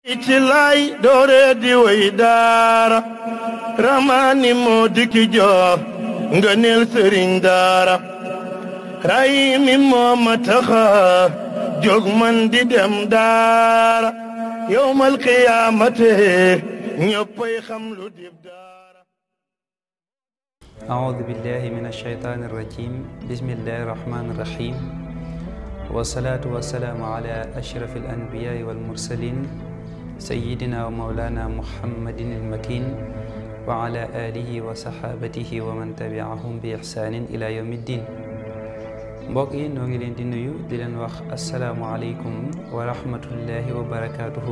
itilay dooreedi way daara ramaani moo dikki jox nga neel sëriñ daara rayimi moo ma taxa jóg yowmal qiyaamate ñëppay xam lu أعوذ بالله من الشيطان الرجيم بسم الله الرحمن الرحيم والصلاة والسلام على أشرف الأنبياء والمرسلين سيدنا ومولانا محمد المكين وعلى آله وصحابته ومن تبعهم بإحسان إلى يوم الدين باقي نوغلين دي نيو دلن السلام عليكم ورحمة الله وبركاته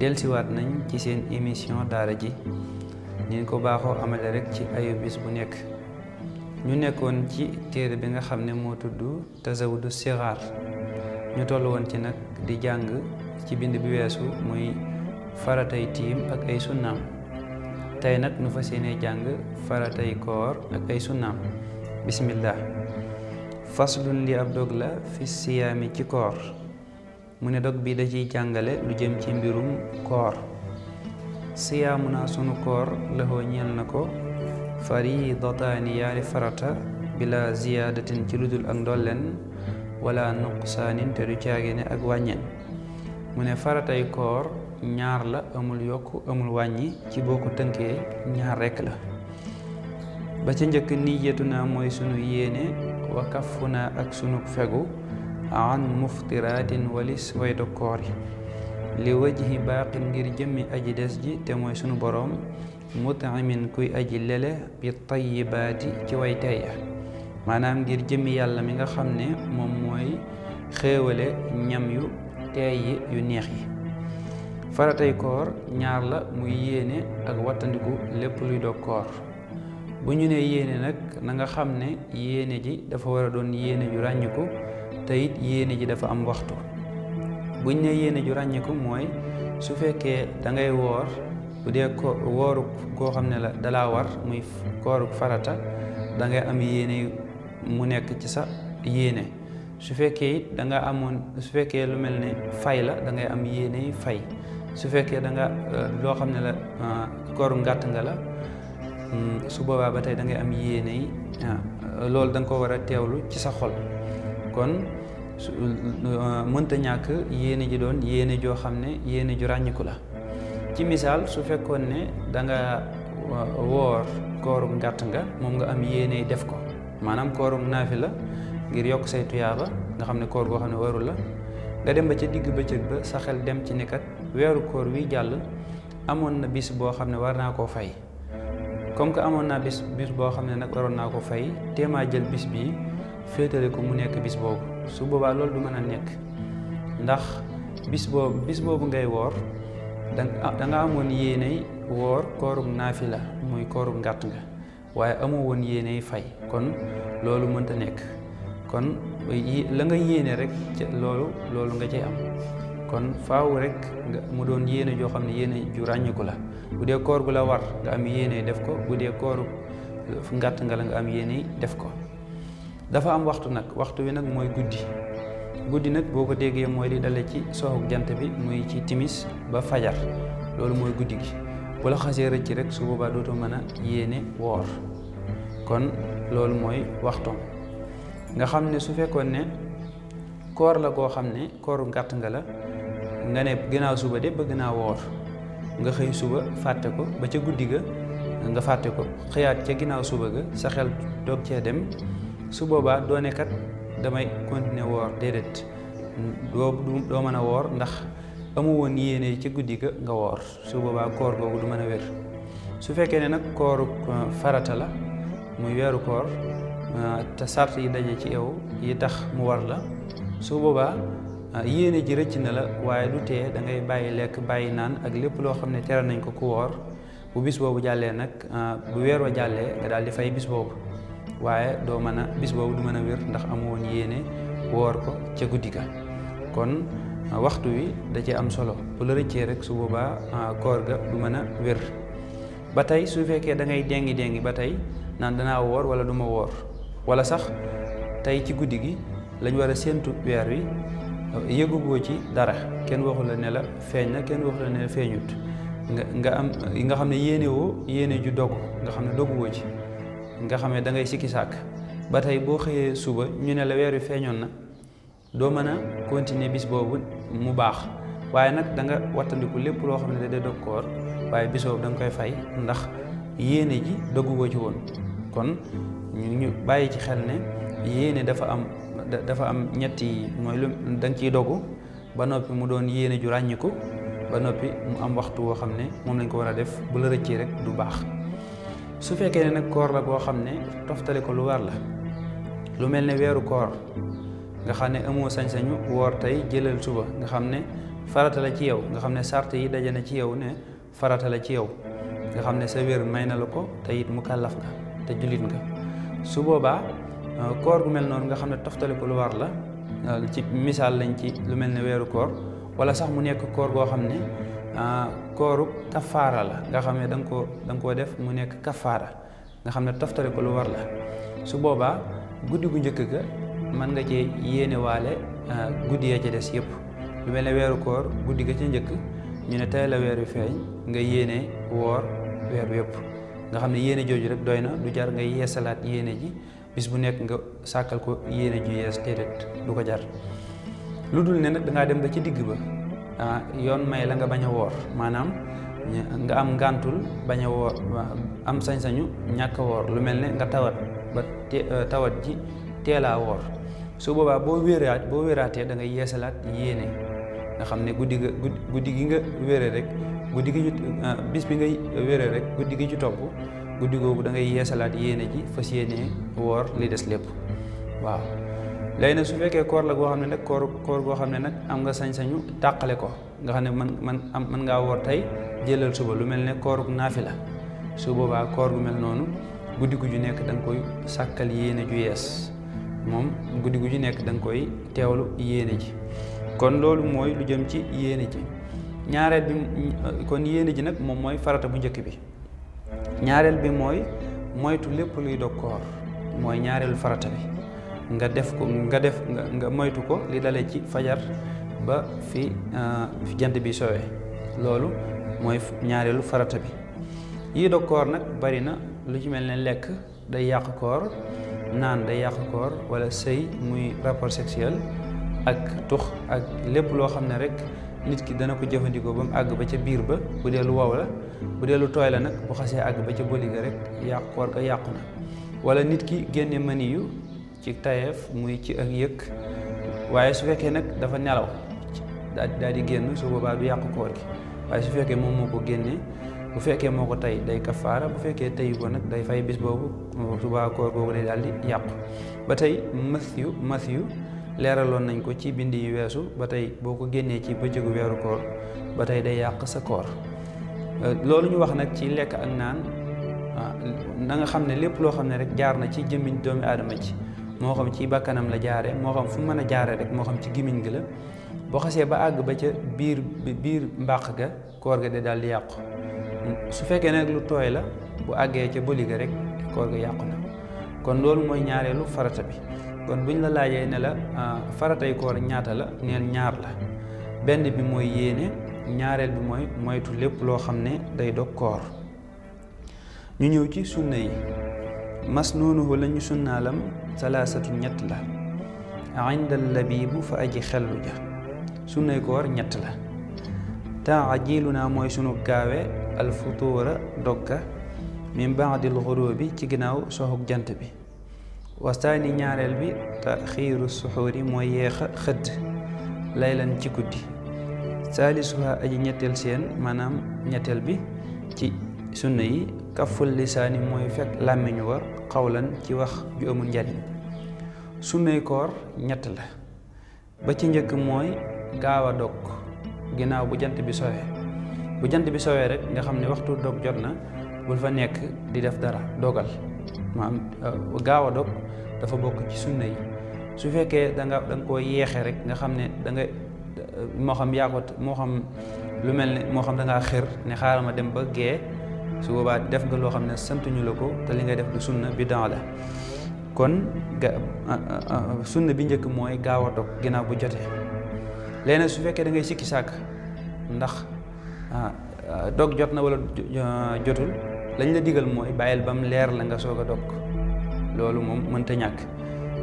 دل سوات نن جسين إميسيون دارجي نين كو باخو عمل رك جي أيو بيس بنيك نيو جي تير بنغ خمني موتو دو تزاودو سيغار نيو تولوان تنك دي جانغ ci bind bi wessu muy yi tim ak ay sunnaam tay nak nu fasiyene jang farata yi koor ak ay bismillah faslun li abdogla la fi siyaami ci koor mune dog bi da ci jangale lu jëm ci mbirum koor siyamuna sunu koor farata bila ziyadatin ci luddul ak dolen wala nuqsanin te du caagene ak wàññeen mu ne faratay koor ñaar la amul yokk amul wàññi ci boo ko tënkee ñaar rekk la ba ca njëkk niyatu naa mooy sunu yéene wa kafu naa ak sunu fegu an muftiraatin walis way koor yi li wajhi baaqin ngir jëmmi aji des ji te mooy sunu boroom mutaamin kuy aji lele bi tayyibaati ci way teya maanaam ngir jëmmi yàlla mi nga xam ne moom mooy xéewale ñam yu teey yi yu neex yi faratay koor ñaar la muy yéene ak wattandiku lépp luy dog koor bu ñu nee yéene nag na nga xam ne yéene ji dafa war a doon yéene ju ràññiku te it ji dafa am waxtu buñ ne yéene ju ràññiku mooy su fekkee da woor bu dee ko wooru koo xam ne la dala war muy kooruk farata da ngay am yéene mu nekk ci sa yéene su fekkee it da amoon su fekkee lu mel ne fay la dangay am yéene fay su fekkee danga nga euh, loo xam ne la euh, kooru ngàtt nga la hmm, su boobaa ba tey da ngay am yéene euh, loolu da nga ko war a teewlu ci sa xol kon mënta ñàkk yéene ji doon yéene joo xam ne yéene ju ràññiku la ci misaal su fekkoon ne danga nga woor kooru ngàtt nga moom nga am yéene def ko maanaam kooru naafi la ngir yok say tuyaaba nga xamne koor go xamne wëru la nga dem ba ci digg bëccëg ba sa xel dem ci ne wëru koor wi jall amon na bis bo xamne war na ko fay comme que amon na bis bis bo xamne nak waron na ko fay Tema jël bis bi fétalé ko mu nekk bis boobu su boba lol du mëna nekk ndax bis bo bis boobu ngay wor da nga amon yene wor koorug nafila, muy koorug ngàtt nga waye amu won yene fay kon mën ta nekk kon la nga yéene rek lolo loolu loolu nga ci am kon faaw rek nga mu doon yéene joo xam ne yéene ju ràññiku la bu koor gu la war nga am yéene def ko bu dee koor ngàtt nga la nga am yéene def ko dafa am waxtu nag waxtu wi nag mooy guddi guddi nag boo ko déggee mooy li dale ci soxog jant bi muy ci timis ba fajar loolu mooy guddi gi bu la xasee rëcc rek su boobaa dootoo mën a yéene woor kon loolu mooy waxtoom nga xam ne su fekkoon ne koor la goo xam ne kooru ngàtt nga la nga ne ginnaaw suba de bëgg naa woor nga xëy suba fàtte ko ba ca guddi ga nga fàtte ko xëyaat ca ginnaaw suba ga sa xel doog cee dem su boobaa doo ne damay continuer woor déedéet doo doo mën a woor ndax amu woon yéene ca guddi ga nga woor su boobaa koor googu du mën a wér su fekkee ne nag kooru euh, farata la muy weeru koor Euh, te sart yi daje ci yow yi tax mu war la su boobaa euh, yéene ji rëcc na la waaye du tee da ngay bàyyi lekk bàyyi naan ak lépp loo xam ne tere nañ ko ku woor bu bis boobu jàllee nag euh, bu weer wa jàllee nga daal di fay bis boobu waaye doo mën a bis boobu du mën a wér ndax amoon yéene woor ko ca guddi ga kon waxtu wi da ci am solo bu la rëccee rek su boobaa koor ga du mën a wér ba tey su fekkee da ngay déngi déngi ba tey naan danaa woor wala du ma woor wala sax tey ci guddi gi lañ war a séentu weer wi yëgugoo ci dara kenn waxu la ne la feeñ na kenn waxu la ne la feeñut nga nga am nga xam ne yéene yéene ju dogg nga xam ne dogguwoo ci nga xam ne da ngay sikki sàkk ba tey boo xëyee suba ñu ne la weer wi feeñoon na doo mën a continuer bis boobu mu baax waaye nag danga nga wattandiku lépp loo xam ne da day dog koor waaye bis boobu da nga koy fay ndax yéene ji dogguwoo ci woon kon ñu ñu bàyyi ci xel ne yéene dafa am dafa am ñetti mooy lu da ciy dogu ba noppi mu doon yéene ju ràññiku ba noppi mu am waxtu woo xam ne moom lañ ko war a def bu la rëccee rek du baax su fekkee ne nag koor la boo xam ne toftale ko lu war la lu mel ne weeru koor nga xam ne amoo sañ-sañu woor tey jëlal suba nga xam ne farata la ci yow nga xam ne sart yi daje na ci yow ne farata la ci yow nga xam ne sa wér may na la ko te it mu kàllaf nga te jullit nga su boobaa euh, koor gu mel noonu nga xam ne toftale ko lu war la euh, ci misaal lañ ci lu mel ne weeru koor wala sax mu nekk koor goo xam ne euh, kooru kafaara la nga xam ne da nga koo da koo def mu nekk kafaara nga xam ne toftale ko lu war la su boobaa guddi gu njëkk ga mën nga cee yéene waale guddi ya ca des yëpp lu mel ne weeru koor guddi ga ca njëkk ñu ne tey la weer wi feeñ nga yéene woor weer wi nga xam ne yéene jooju rek doy na lu jar nga yeesalaat yéene ji bis bu nekk nga sàkkal ko yéene ju yees déedéet du ko jar lu dul ne nag dangaa dem ba ci digg ba ah yoon may la nga bañ a woor maanaam nga am ngàntul bañ a woor am sañ-sañu ñàkk woor lu mel ne nga tawat ba eh, tawat ji teelaa woor su boobaa boo wéeraat boo wéeraatee da ngay yeesalaat yéene nga xam ne guddi gi nga wéere rek guddi gi ah, bis bi ngay wéree rek guddi gi ci topp guddi googu da ngay yeesalaat yéene ji fas yéenee woor li des lépp waaw léegi nag su fekkee koor la goo xam ne nag koor koor goo xam ne nag am nga sañ-sañu tàqale ko nga xam ne man man am mën ngaa woor tey jëlal suba lu mel ne koorug naafi la su boobaa koor gu mel noonu guddi gu ju nekk danga koy sàkkal yéene ju yees moom guddi gu ju nekk da nga koy teewlu yéene ji kon loolu mooy lu jëm ci yéene ji ñaareel bi kon yéene ji nag moom mooy farata bu njëkk bi ñaareel bi mooy moytu lépp luy dog koor mooy ñaareelu farata bi nga def ko nga def nga moytu ko li dalee ci fajar ba fi euh, fi jant bi sowee loolu mooy ñaareelu farata bi yii dog koor nag bari na lu ci mel ne lekk day yàq koor naan day yàq koor wala sëy muy rapport sexuel ak tux ak lépp loo xam ne rekk nit ki dana ko jëfandikoo ba mu àgg ba ca biir ba bu dee lu wow la bu dee lu tooy la nag bu xasee àgg ba ca bëli rek yàq koor ga yàqu na wala nit ki génne mani yu ci tayeef muy ci ak yëkk waaye su fekkee nag dafa nelaw daal di génn su boobaa bi yàq koor gi waaye su fekkee moom moo ko génnee bu fekkee moo ko tey day kafaara bu fekkee teyu ko nag day fay bis boobu subaa koor googu day daal di yàqu ba tey mathiyu mathiyu leeraloon nañ ko ci bind yu weesu ba tey boo ko génnee ci bëccëgu weeru koor ba tey day yàq sa koor euh, loolu ñu wax nag ci lekk ak naan ah, na nga xam ne lépp loo xam ne rek jaar na ci jëmmiñ doomi aadama ci moo xam ci bàkkanam la jaare moo xam fu mën a jaare rek moo xam ci gémmiñ gi la boo xasee ba àgg ba ca biir bi biir mbàq ga koor ga de daal di yàqu su fekkee nag lu tooy la bu àggee ca bëli ga rek koor ga yàqu na kon loolu mooy ñaareelu farata bi kon buñ la laajee ne la ah, faratay ñaata la neel ñaar la benn bi mooy yéene ñaareel bi mooy moytu lépp loo xam ne day dog koor ñu ñëw ci sunna yi mas noonuhu la ñu sunnaalam salaasatu ñett la indal labibu fa aji xellu ja sunnay koor ñett la taajilu naa mooy sunu gaawe alfutuura dogga min baadil xuroo bi ci ginnaaw soxuk jant bi wastaani ñaareel bi taxiiru suhuri mooy yeex a xëdd laylan ci guddi saalisuha aji ñetteel seen maanaam ñetteel bi ci sunna yi kaful lisaani mooy fekk làmmiñ wa xawlan ci wax ju amul njariñ sunnay koor ñett la ba ci njëkk mooy gaaw a dog ginnaaw bu jant bi sowee bu jant bi sowee rek nga xam waxtu bul fa di def dara dogal maanaam euh, gaaw a dog dafa bokk ci sunna yi su fekkee danga nga da nga koo yeexee rek nga xam ne da nga moo xam yaa ko moo xam lu mel ne moo xam da xër ne xaaral ma dem ba gee su boobaa def nga loo xam ne santuñu la ko te li nga def du sunna bidaa la kon ga euh, euh, bi njëkk mooy gaaw dog ginnaaw bu jotee léegi su fekkee da ngay sikki sàkk ndax ah, dog jot na wala jotul lañ la digal mooy bàyyil ba mu leer la nga soog a dog loolu moom mënta ñàkk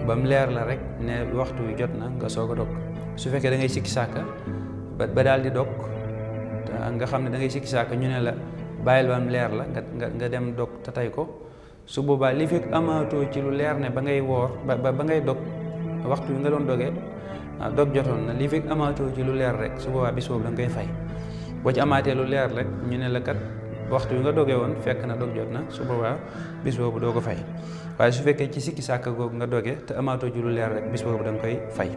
ba mu leer la rek ne waxtu wi jot na nga soog a dog su fekkee da ngay sikki sàkka ba ba daal di dog nga xam ne da sikki sàkka ñu ne la bàyyil ba leer la nga nga dem dog te tey ko su boobaa li fekk amaatoo ci lu leer ne ba ngay woor ba ba ngay dog waxtu wi nga doon dogee ah, dog jotoon na li fekk amaatoo ci lu leer rek su boobaa bis boobu da ngay fay boo ci amaatee lu leer rek ñu ne la kat. waxtu nga doge won fekk na dog jotna na su boba bis boobu dogo ko fay waaye su fekke ci sikki sak googu nga doge te amato julu leer rek bis boobu dang koy fay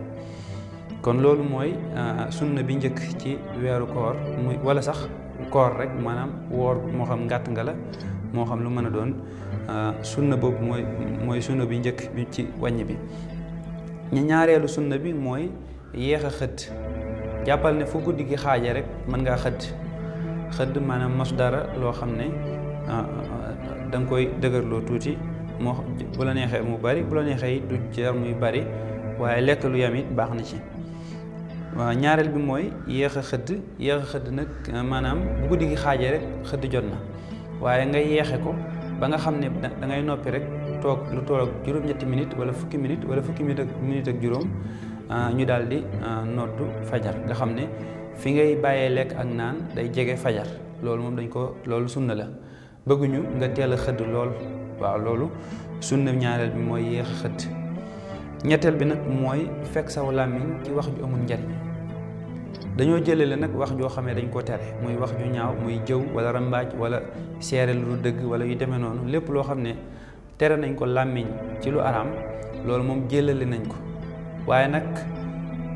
kon lolu moy ah, sunna bi njëkk ci wéru koor muy wala sax koor rek manam wor mo xam ngat nga la mo xam lu mën doon ah, sunna boobu moy moy sunna bi njëkk bi ci wàññi bi ñu sunna bi moy yeexa xet jappal ne fu guddigi xaja rek man nga xet xëdd maanaam mos dara loo xam ne ah, danga nga koy dëgërloo tuuti moo bu la neexee mu bari bu la neexee it du jar muy bari waaye lekk lu yam baax na ci waaw ñaareel bi mooy yéex a xëdd yéex xëdd nag maanaam guddi gi xaajee rek xëdd jot na waaye nga yeexe ko ba nga xam ne da ngay noppi rek toog lu toog juróom-ñetti minutes wala fukki minutes wala fukki minutes ak minutes ak juróom ah, ñu daal di ah, noddu fajar nga xam ne. fi ngay bàyyee lekk ak naan day jege fajar loolu moom dañ ko loolu sunna la bëgguñu nga teel a xëdd lool waaw loolu sunna ñaareel bi mooy yéex a xëdd ñetteel bi nag mooy fekk saw làmmiñ ci wax ju amul njariñ dañoo jëlee la nag wax joo xamee dañ ko tere muy wax ju ñaaw muy jëw wala rambaaj wala seere lu dëgg wala yu demee noonu lépp loo xam ne tere nañ ko làmmiñ ci lu araam loolu moom jëlale nañ ko waaye nag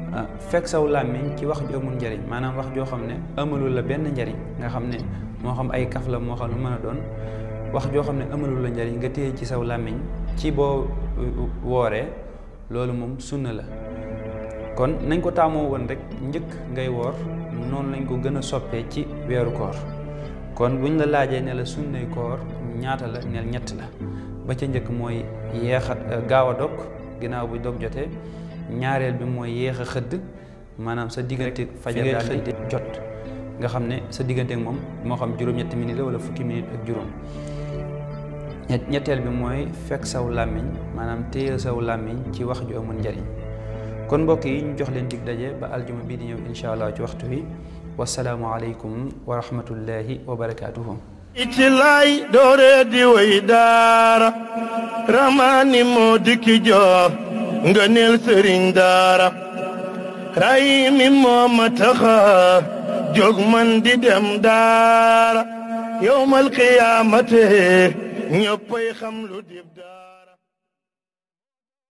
Ah, fekk saw làmmiñ ci wax ju amul njariñ maanaam wax joo xam ne amalul la benn njariñ nga xam ne moo xam ay kaf la moo xam lu mën a doon wax joo xam ne amalul la njariñ nga téye ci saw làmmiñ ci boo uh, wooree loolu moom sunna la kon nañ ko taamoo woon rek njëkk ngay woor noonu lañ ko gën a soppee ci weeru koor kon buñ la laajee ne la sunnay koor ñaata la neel ñett la ba ca njëkk mooy yeexat uh, gaaw a dog ginnaaw bu dog jotee ñaareel bi mooy yéex a xëdd maanaam sa diggante fajar daal xëdd jot nga xam ne sa diggante ak moom moo xam juróom-ñetti minute la wala fukki minute ak juróom ñetteel bi mooy fekk saw làmmiñ maanaam téyal saw làmmiñ ci wax ju amul njariñ kon mbokk yi ñu jox leen dig daje ba aljuma bii di ñëw incha allah ci waxtu wi wasalaamu aleykum wa rahmatullahi wa barakaatuhu ci laay dooree di way daara ramaani moo dikki jox ngëneel sëriñ daara ray mi moo taxa jóg man di dem daara yowmal qiyaamate ñëppay xam lu dib daara